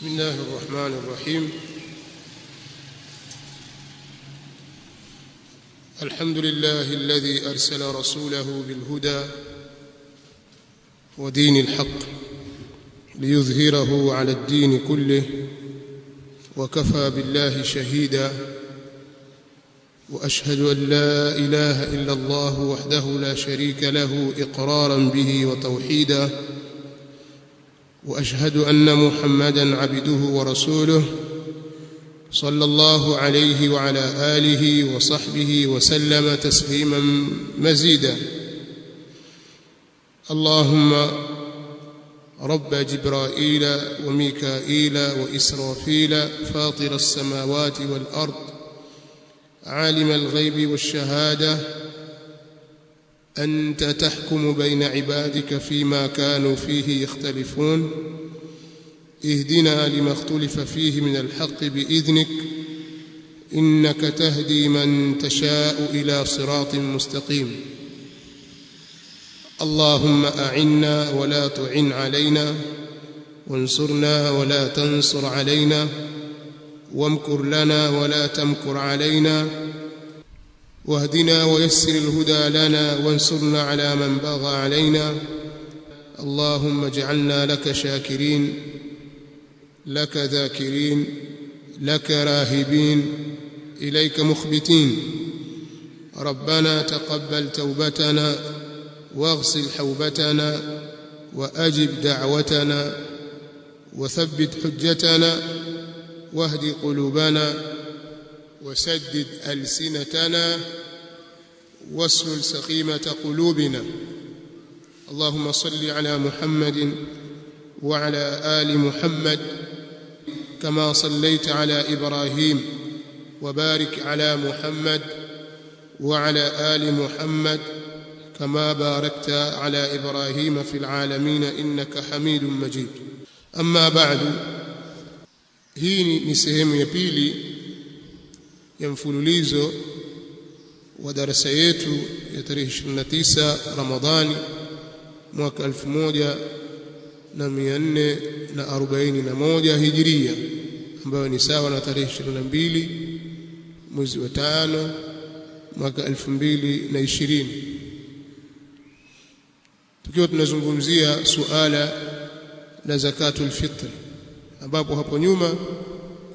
بسم الله الرحمن الرحيم الحمد لله الذي أرسل رسوله بالهدى ودين الحق ليظهره على الدين كله وكفى بالله شهيدا وأشهد أن لا إله إلا الله وحده لا شريك له إقرارا به وتوحيدا واشهد ان محمدا عبده ورسوله صلى الله عليه وعلى اله وصحبه وسلم تسليما مزيدا اللهم رب جبرائيل وميكائيل واسرافيل فاطر السماوات والارض عالم الغيب والشهاده أنت تحكم بين عبادك فيما كانوا فيه يختلفون اهدنا لما اختلف فيه من الحق بإذنك إنك تهدي من تشاء إلى صراط مستقيم اللهم أعنا ولا تعن علينا وانصرنا ولا تنصر علينا وامكر لنا ولا تمكر علينا واهدنا ويسر الهدى لنا وانصرنا على من بغى علينا اللهم اجعلنا لك شاكرين لك ذاكرين لك راهبين اليك مخبتين ربنا تقبل توبتنا واغسل حوبتنا واجب دعوتنا وثبت حجتنا واهد قلوبنا وسدد السنتنا واسلل سقيمه قلوبنا اللهم صل على محمد وعلى ال محمد كما صليت على ابراهيم وبارك على محمد وعلى ال محمد كما باركت على ابراهيم في العالمين انك حميد مجيد اما بعد هيني نسهم يبيلي ya wa darasa yetu ya tarehe 29 Ramadhani mwaka 1441 Hijiria ambayo ni sawa na tarehe 22 mwezi wa tano mwaka 2020 tukiwa tunazungumzia suala la zakatul fitri ambapo hapo nyuma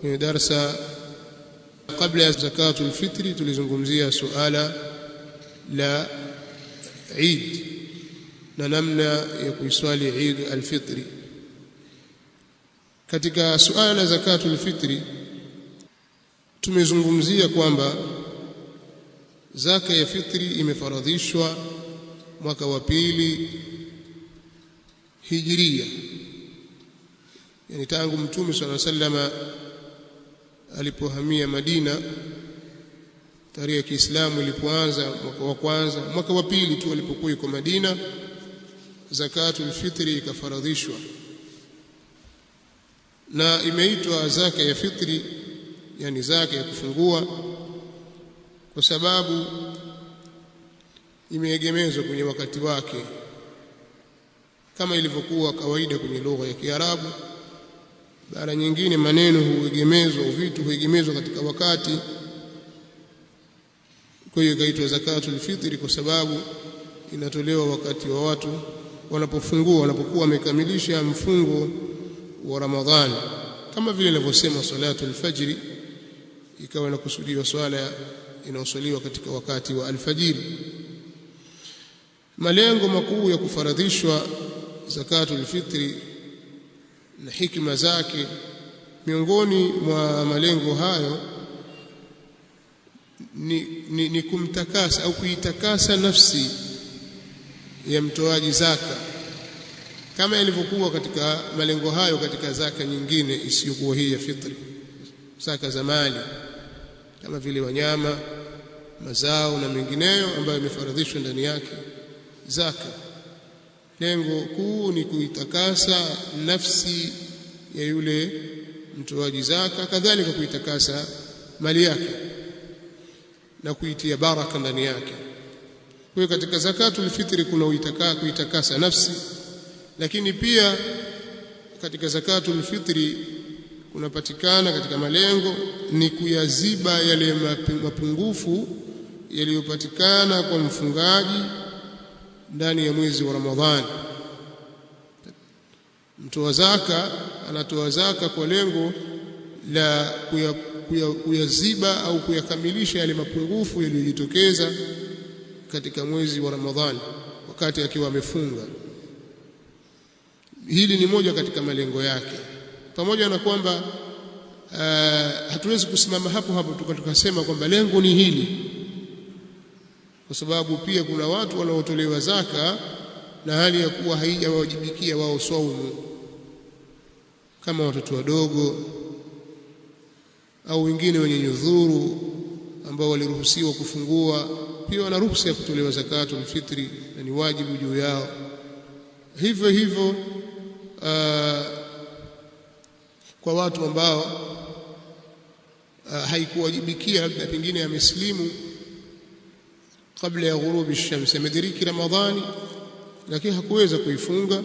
kwenye darasa Kabla ya zakatul fitri tulizungumzia suala la Eid na namna ya kuiswali Eid alfitri. Katika suala la zakatul fitri tumezungumzia kwamba zaka ya fitri imefaradhishwa mwaka wa pili hijiria, yani tangu Mtume sallallahu alaihi wasallam alipohamia Madina tarehe ya Kiislamu ilipoanza mwaka wa kwanza mwaka wa pili tu alipokuwa yuko Madina zakatul fitri ikafaradhishwa na imeitwa zaka ya fitri yani zaka ya kufungua kwa sababu imeegemezwa kwenye wakati wake kama ilivyokuwa kawaida kwenye lugha ya Kiarabu Bara nyingine maneno huegemezwa, vitu huegemezwa katika wakati, kwa hiyo ikaitwa zakatul fitri kwa sababu inatolewa wakati wa watu wanapofungua, wanapokuwa wamekamilisha mfungo wa Ramadhani, kama vile inavyosema salatu alfajiri, ikawa inakusudiwa swala inayoswaliwa katika wakati wa alfajiri. Malengo makuu ya kufaradhishwa zakatul fitri na hikma zake miongoni mwa malengo hayo ni, ni, ni kumtakasa au kuitakasa nafsi ya mtoaji zaka kama ilivyokuwa katika malengo hayo katika zaka nyingine isiyokuwa hii ya fitri zaka za mali kama vile wanyama mazao na mengineyo ambayo imefaradhishwa ndani yake zaka lengo kuu ni kuitakasa nafsi ya yule mtoaji zaka, kadhalika kuitakasa mali yake na kuitia baraka ndani yake. Kwa hiyo katika zakatul fitri kuna uitaka, kuitakasa nafsi, lakini pia katika zakatul fitri kunapatikana katika malengo ni kuyaziba yale mapungufu yaliyopatikana kwa mfungaji ndani ya mwezi wa Ramadhani. Mtoa zaka anatoa zaka kwa lengo la kuyaziba au kuyakamilisha yale mapungufu yaliyojitokeza katika mwezi wa Ramadhani wakati akiwa amefunga. Hili ni moja katika malengo yake, pamoja na kwamba uh, hatuwezi kusimama hapo hapo tukasema kwamba lengo ni hili kwa sababu pia kuna watu wanaotolewa zaka na hali ya kuwa haijawajibikia wao saumu, kama watoto wadogo au wengine wenye nyudhuru ambao waliruhusiwa kufungua, pia wana ruhusa ya kutolewa zakatu fitri na ni wajibu juu yao. Hivyo hivyo uh, kwa watu ambao uh, haikuwajibikia labda pengine amesilimu kabla ya ghurubi shamsi amediriki Ramadhani lakini hakuweza kuifunga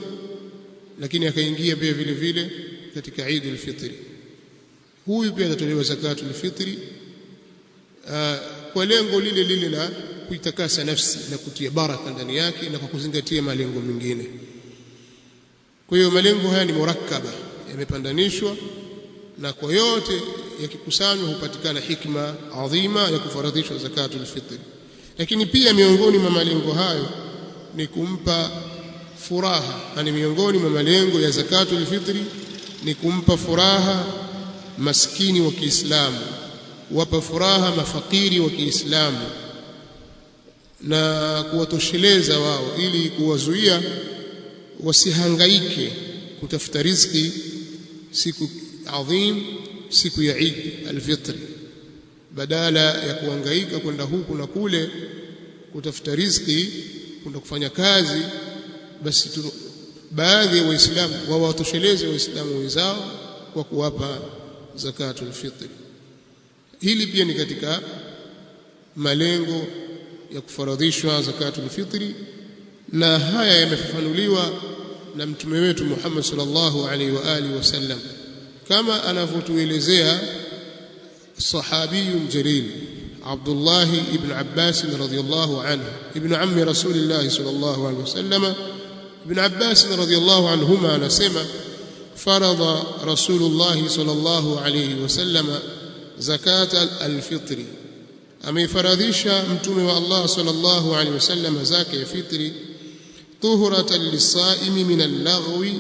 lakini akaingia pia vile vile katika Eid al-Fitr huyu pia atatolewa zakatu al-Fitr uh, kwa lengo lile lile la kuitakasa nafsi na kutia baraka ndani yake na kwa kuzingatia malengo mengine kwa hiyo malengo haya ni murakkaba yamepandanishwa na kwa yote yakikusanywa hupatikana hikma adhima ya kufaradhishwa al fitr lakini pia miongoni mwa malengo hayo ni kumpa furaha ni miongoni mwa malengo ya zakatul fitri ni kumpa furaha maskini wa Kiislamu wapa furaha mafakiri wa Kiislamu na kuwatosheleza wao ili kuwazuia wasihangaike kutafuta riziki siku adhim siku ya Eid al-Fitr badala ya kuhangaika kwenda huku na kule kutafuta riziki kwenda kufanya kazi basi tu, baadhi ya waislamu wawatosheleze waislamu wenzao kwa kuwapa zakatul fitri hili pia ni katika malengo ya kufaradhishwa zakatul fitri na haya yamefafanuliwa na mtume wetu Muhammad sallallahu alaihi wa alihi wasallam kama anavyotuelezea صحابي جليل عبد الله بن عباس رضي الله عنه ابن عم رسول الله صلى الله عليه وسلم ابن عباس رضي الله عنهما anasema فرض رسول الله صلى الله عليه وسلم زكاة الفطر amefaradhisha mtume wa Allah sallallahu alaihi wasallam zaka ya fitri tuhuratan lisaimi min al-laghwi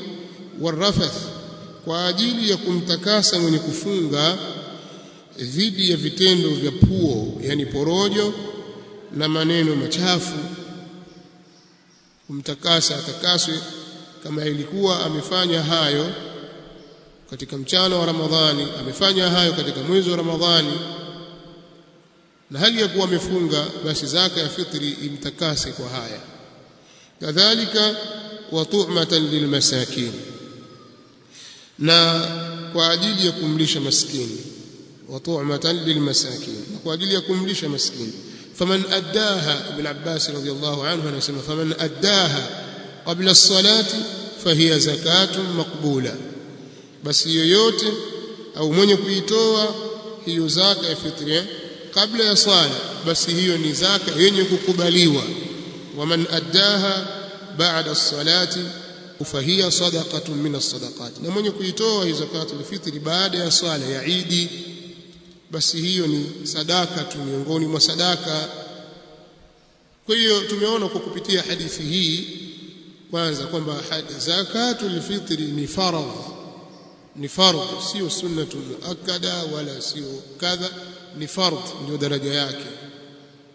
wal-rafath kwa ajili ya kumtakasa mwenye kufunga dhidi ya vitendo vya puo, yani porojo na maneno machafu. Kumtakasa atakaswe kama ilikuwa amefanya hayo katika mchana wa Ramadhani, amefanya hayo katika mwezi wa Ramadhani, na hali ya kuwa amefunga, basi zaka ya fitri imtakase kwa haya. Kadhalika wa tu'matan lilmasakin, na kwa ajili ya kumlisha maskini وطعمة للمساكين وقال يقوم ليش مسكين فمن أداها ابن عباس رضي الله عنه فمن أداها قبل الصلاة فهي زكاة مقبولة بس يوت أو من يقيتوا هي زكاة فطرة قبل الصلاة بس هي نزاكة ينكب بليوة ومن أداها بعد الصلاة فهي صدقة من الصدقات لمن يقيتوا هي زكاة الفطر بعد الصلاة يعيدي basi hiyo ni sadaka tu miongoni mwa sadaka kwa hiyo tumeona kwa kupitia hadithi hii kwanza kwamba zakatul fitri ni faradhi ni fardhu sio sunnatun muakkada wala sio kadha ni fardhu ndio daraja yake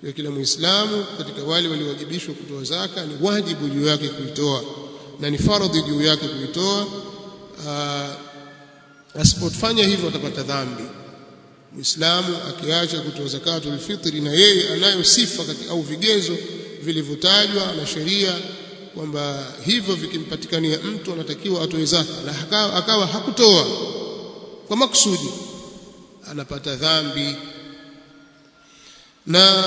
kwa kila muislamu katika wale waliowajibishwa kutoa zaka ni wajibu juu yake kuitoa na ni fardhi juu yake kuitoa asipofanya hivyo atapata dhambi Muislamu akiacha kutoa zakatul fitri, na yeye anayo sifa au vigezo vilivyotajwa na sheria kwamba hivyo vikimpatikania mtu anatakiwa atoe zaka, na akawa, akawa hakutoa kwa makusudi, anapata dhambi. Na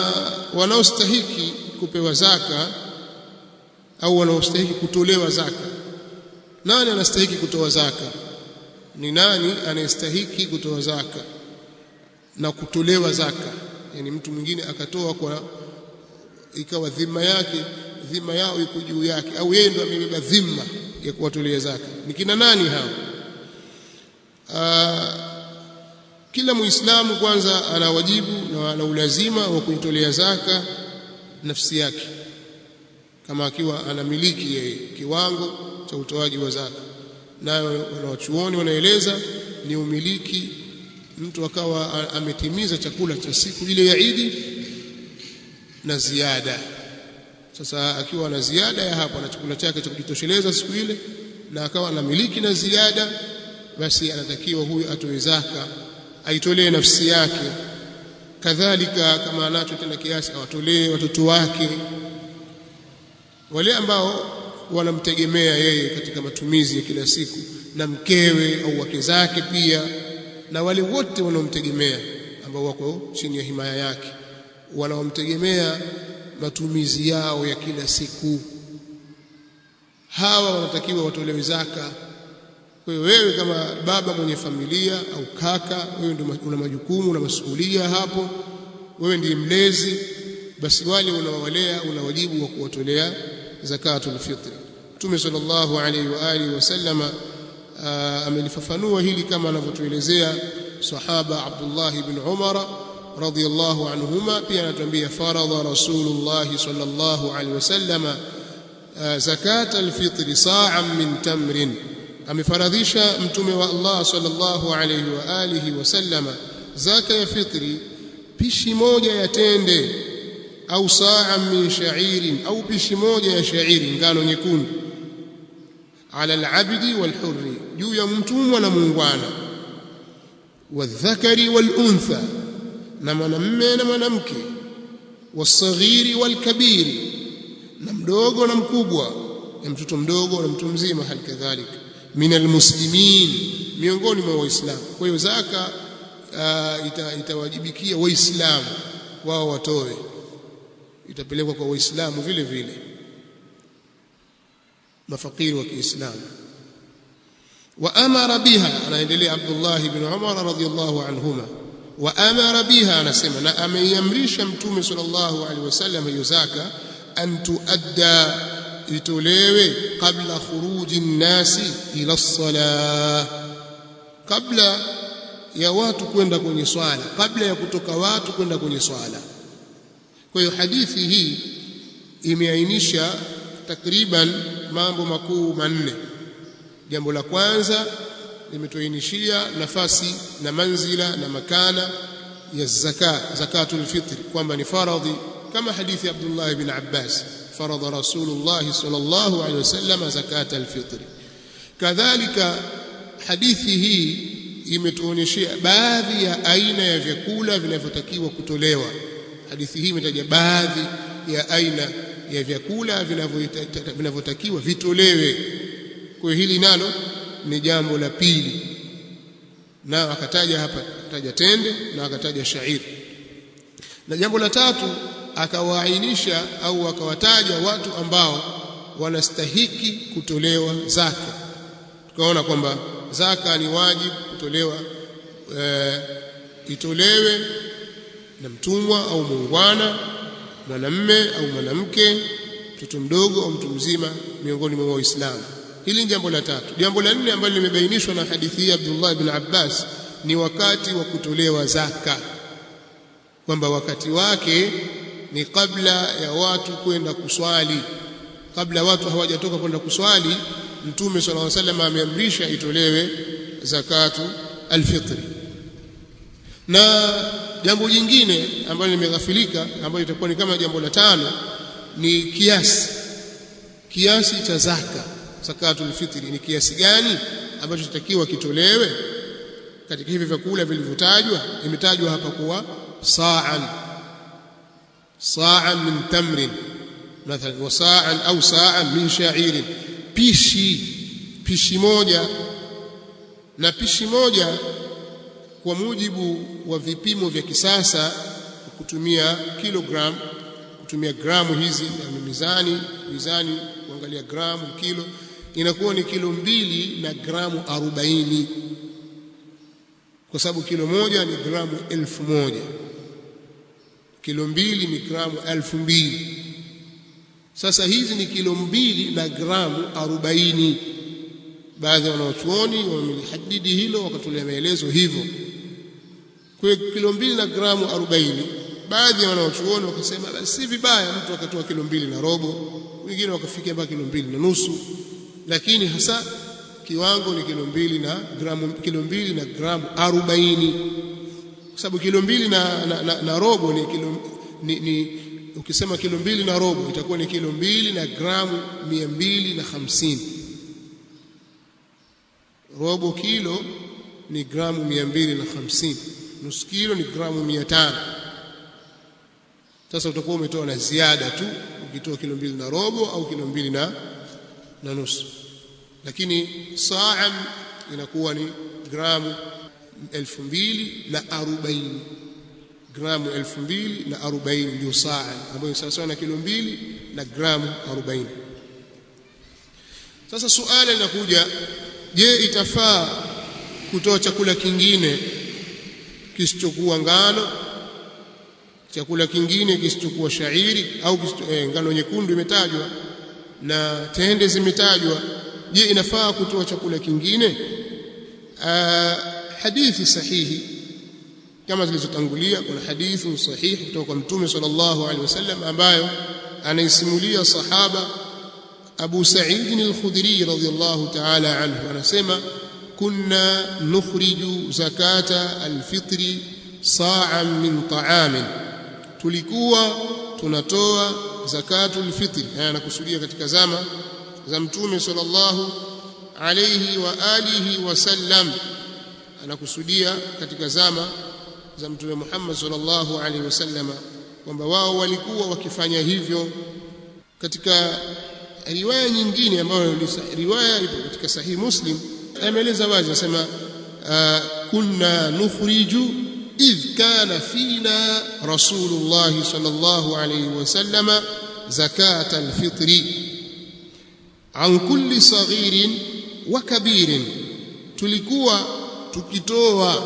wanaostahiki kupewa zaka au wanaostahiki kutolewa zaka, nani anastahiki kutoa zaka? Ni nani anayestahiki kutoa zaka? na kutolewa zaka yani mtu mwingine akatoa kwa ikawa dhima yake dhima yao iko juu yake au yeye ndo amebeba dhima ya kuwatolea zaka ni kina nani hao Aa, ah, kila muislamu kwanza ana wajibu na ana ulazima wa kuitolea zaka nafsi yake kama akiwa anamiliki yeye kiwango cha utoaji wa zaka nayo wanawachuoni wanaeleza ni umiliki mtu akawa ametimiza chakula cha siku ile ya Idi na ziada. Sasa akiwa na ziada ya hapo na chakula chake cha kujitosheleza siku ile, na akawa anamiliki na ziada, basi anatakiwa huyu atoe zaka, aitolee nafsi yake. Kadhalika kama anacho tena kiasi, awatolee watoto wake wale ambao wanamtegemea yeye katika matumizi ya kila siku, na mkewe au wake zake pia na wale wote wanaomtegemea ambao wako chini ya himaya yake wanaomtegemea matumizi yao ya kila siku hawa wanatakiwa watolewe zaka kwa hiyo wewe kama baba mwenye familia au kaka wewe ndio una majukumu una masuhulia hapo wewe ndiye mlezi basi wale unawalea una wajibu wa kuwatolea zakatul fitri Mtume sallallahu alaihi wa alihi wasallama amelifafanua hili kama anavyotuelezea sahaba Abdullah ibn Umar radhiyallahu anhuma pia anatuambia faradha rasulullah sallallahu alaihi wasallam zakat alfitr sa'an min tamrin amefaradhisha mtume wa Allah sallallahu alaihi wa alihi wasallama zaka ya fitri pishi moja ya tende au sa'an min sha'irin au pishi moja ya shairi ngano nyekundu ala alabdi walhurri juu ya mtumwa na muungwana wadhakari waluntha na mwanamme na mwanamke wasaghiri walkabiri na mdogo na mkubwa na mtoto mdogo na mtu mzima hali kadhalika min almuslimin miongoni mwa waislamu kwa hiyo zaka uh, ita, itawajibikia waislamu wao watoe itapelekwa kwa waislamu vile vile mafakiri wa Kiislamu. Wa amara biha, anaendelea Abdullah ibn Umar radhiyallahu anhuma. Wa amara biha, anasema na ameiamrisha Mtume sallallahu alaihi wasallam hiyo zaka, an tuadda, itolewe qabla khuruji nnasi ila salah, kabla ya watu kwenda kwenye swala, kabla ya kutoka watu kwenda kwenye swala. Kwa hiyo hadithi hii imeainisha takriban mambo makuu manne jambo la kwanza limetuainishia nafasi na manzila na makana ya zaka zakatul fitr kwamba ni faradhi kama hadithi ya Abdullah ibn Abbas faradha Rasulullah sallallahu alaihi wasallam zakatul fitr kadhalika hadithi hii imetuonyeshia baadhi ya aina ya vyakula vinavyotakiwa kutolewa hadithi hii imetaja baadhi ya aina ya vyakula vinavyotakiwa vitolewe. Kwa hili nalo ni jambo la pili, na akataja hapa, akataja tende na akataja shair Na jambo la tatu akawaainisha au akawataja watu ambao wanastahiki kutolewa zaka. Tukaona kwamba zaka ni wajibu kutolewa e, itolewe na mtumwa au muungwana mwanamme au mwanamke mtoto mdogo au mtu mzima miongoni mwa waislamu hili ni jambo la tatu jambo la nne ambalo limebainishwa na hadithi hii Abdullah ibn Abbas ni wakati wa kutolewa zaka kwamba wakati wake ni kabla ya watu kwenda kuswali kabla watu hawajatoka kwenda kuswali mtume sallallahu alaihi wasallam ameamrisha itolewe zakatu alfitri na Jambo jingine ambalo limeghafilika ambayo itakuwa ni kama jambo la tano, ni kiasi kiasi cha zaka, zakatul fitri. Ni kiasi gani ambacho kitakiwa kitolewe katika hivi vyakula vilivyotajwa? Imetajwa hapa kuwa sa'an sa'an min tamrin mathal wa sa'an au sa'an min sha'irin, pishi pishi moja na pishi moja kwa mujibu wa vipimo vya kisasa kutumia kilogram kutumia gramu hizi ya mizani mizani kuangalia gramu kilo inakuwa ni kilo mbili na gramu arobaini kwa sababu kilo moja ni gramu elfu moja kilo mbili ni gramu elfu mbili sasa hizi ni kilo mbili na gramu arobaini baadhi ya wanaochuoni wamelihadidi hilo wakatolea maelezo hivyo kwa kilo mbili na gramu 40. Baadhi ya wanaochuoni wakasema basi si vibaya mtu akatoa kilo mbili na robo, wengine wakafikia mpaka kilo mbili na nusu, lakini hasa kiwango ni kilo mbili na gramu, kilo mbili na gramu 40, kwa sababu kilo mbili na, na, na, na robo ni kilo ni, ni ukisema kilo mbili na robo itakuwa ni kilo mbili na gramu 250. Robo kilo ni gramu 250 nusu kilo ni gramu mia Sasa utakuwa umetoa na ziada tu ukitoa kilo mbili na robo au kilo mbili na, na nusu, lakini saa inakuwa ni gramu elfu mbili na arobaini gramu elfu mbili na arobaini ndio saa ambayo sawasawa na kilo mbili na gramu arobaini. Sasa suala linakuja, je, itafaa kutoa chakula kingine kisichokuwa ngano chakula kingine kisichokuwa shairi au eh, ngano nyekundu imetajwa na tende zimetajwa je inafaa kutoa chakula kingine Aa, ah, hadithi sahihi kama zilizotangulia kuna hadithi sahihi kutoka kwa mtume sallallahu alaihi wasallam ambayo anaisimulia sahaba Abu Sa'id al-Khudri radhiyallahu ta'ala anhu anasema كنا نخرج zakata الفطر صاعا من طعام tulikuwa tunatoa zakatu fitri haya nakusudia katika zama za mtume sallallahu alayhi wa alihi wasallam anakusudia katika zama za mtume Muhammad sallallahu wa sallam, kwamba wao walikuwa wakifanya hivyo katika riwaya nyingine ambayo riwaya ipo katika sahihi Muslim ameeleza wazi anasema ah, kunna nukhriju idh kana fina rasulullah sallallahu alayhi wasallama zakat alfitri an kulli saghirin wa kabirin tulikuwa tukitoa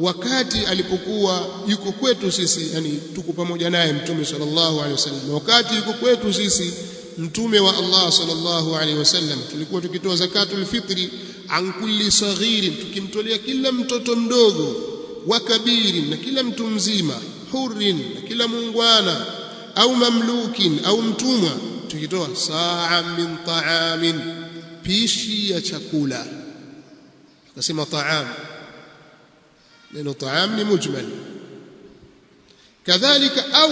wakati alipokuwa yuko kwetu sisi yani tuko pamoja naye mtume sallallahu alaihi wasallam wakati yuko kwetu sisi mtume wa Allah sallallahu alaihi wasallam tulikuwa tukitoa zakatul fitri an kulli saghirin tukimtolea kila mtoto mdogo wa kabirin na kila mtu mzima hurrin na kila muungwana au mamlukin au mtumwa tukitoa saa min taamin pishi ya chakula tukasema taam neno taam ni mujmal kadhalika au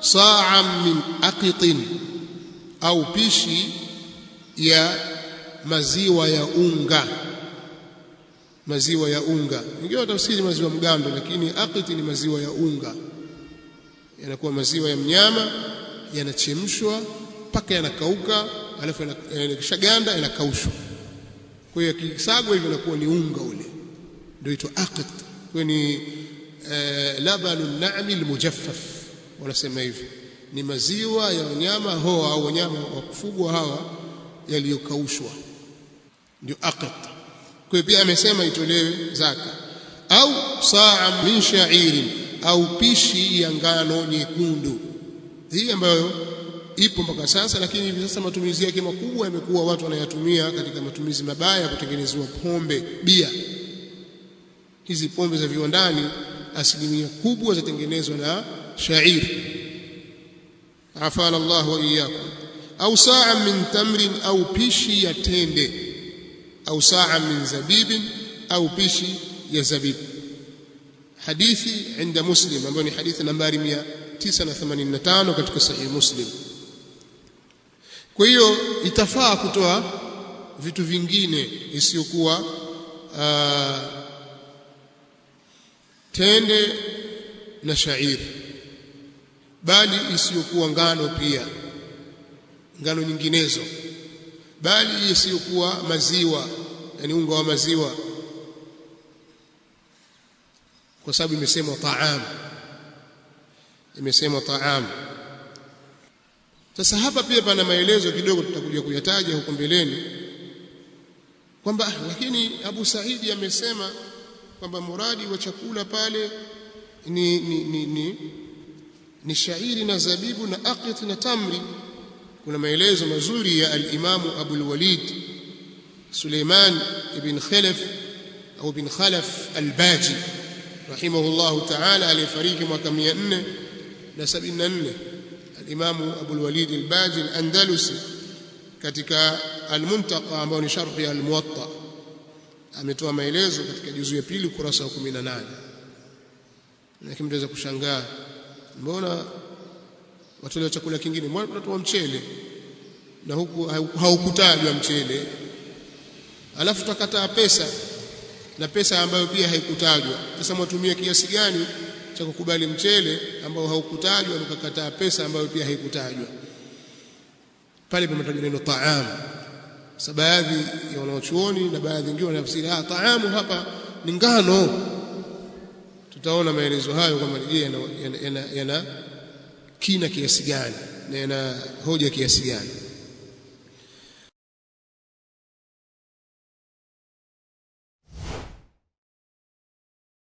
saa min aqitin au pishi ya maziwa ya unga, maziwa ya unga. Ingawa tafsiri maziwa mgando, lakini aqit ni maziwa ya unga, yanakuwa maziwa ya mnyama yanachemshwa mpaka yanakauka, alafu yanashaganda yanakaushwa. Kwa hiyo yakisagwa hivyo inakuwa ni unga ule, ndio itwa aqit Kwa ni eh, labanu nami almujaffaf wanasema hivyo, ni maziwa ya wanyama hoa au wanyama wa kufugwa hawa yaliyokaushwa ndio aqd. Kwa pia amesema itolewe zaka, au saa min shairin au pishi ya ngano nyekundu, hii ambayo ipo mpaka sasa, lakini hivi sasa matumizi yake makubwa yamekuwa watu wanayatumia katika matumizi mabaya ya kutengenezewa pombe, bia. Hizi pombe za viwandani asilimia kubwa zatengenezwa na shairi. Afana Allah wa iyyakum. Au saa min tamrin, au pishi ya tende au saa min zabibin au pishi ya zabib hadithi inda muslim ambayo ni hadithi nambari 985 katika sahihi muslim kwa hiyo itafaa kutoa vitu vingine isiyokuwa ah, tende na shairi bali isiyokuwa ngano pia ngano nyinginezo bali isiyokuwa maziwa yani unga wa maziwa kwa sababu imesemwa taam imesemwa taam sasa hapa pia pana maelezo kidogo tutakuja kuyataja huko mbeleni kwamba ah, lakini Abu Saidi amesema kwamba muradi wa chakula pale ni ni ni, ni, ni shairi na zabibu na aqit na tamri kuna maelezo mazuri ya al-Imamu Abul Walid Suleiman ibn Khalaf au bin Khalaf al-Baji rahimahullah ta'ala aliyefariki mwaka 474 al-Imamu Abul Walid al-Baji al-Andalusi katika al-Muntaqa ambao ni sharhi al-Muwatta ametoa maelezo katika juzu ya pili ukurasa wa 18 lakini mtaweza kushangaa mbona watolewa chakula kingine, mnatoa mchele na huku haukutajwa mchele, alafu tutakataa pesa na pesa ambayo pia haikutajwa. Sasa mwatumia kiasi gani cha kukubali mchele ambao haukutajwa, mkakataa pesa ambayo pia haikutajwa? Pale pametajwa neno taam. Sasa baadhi ya wanaochuoni na baadhi wengine wanafsiri ah, taamu hapa ni ngano. Tutaona maelezo hayo kwamba je, yana, yana, yana, yana kina kiasi gani na ina hoja kiasi gani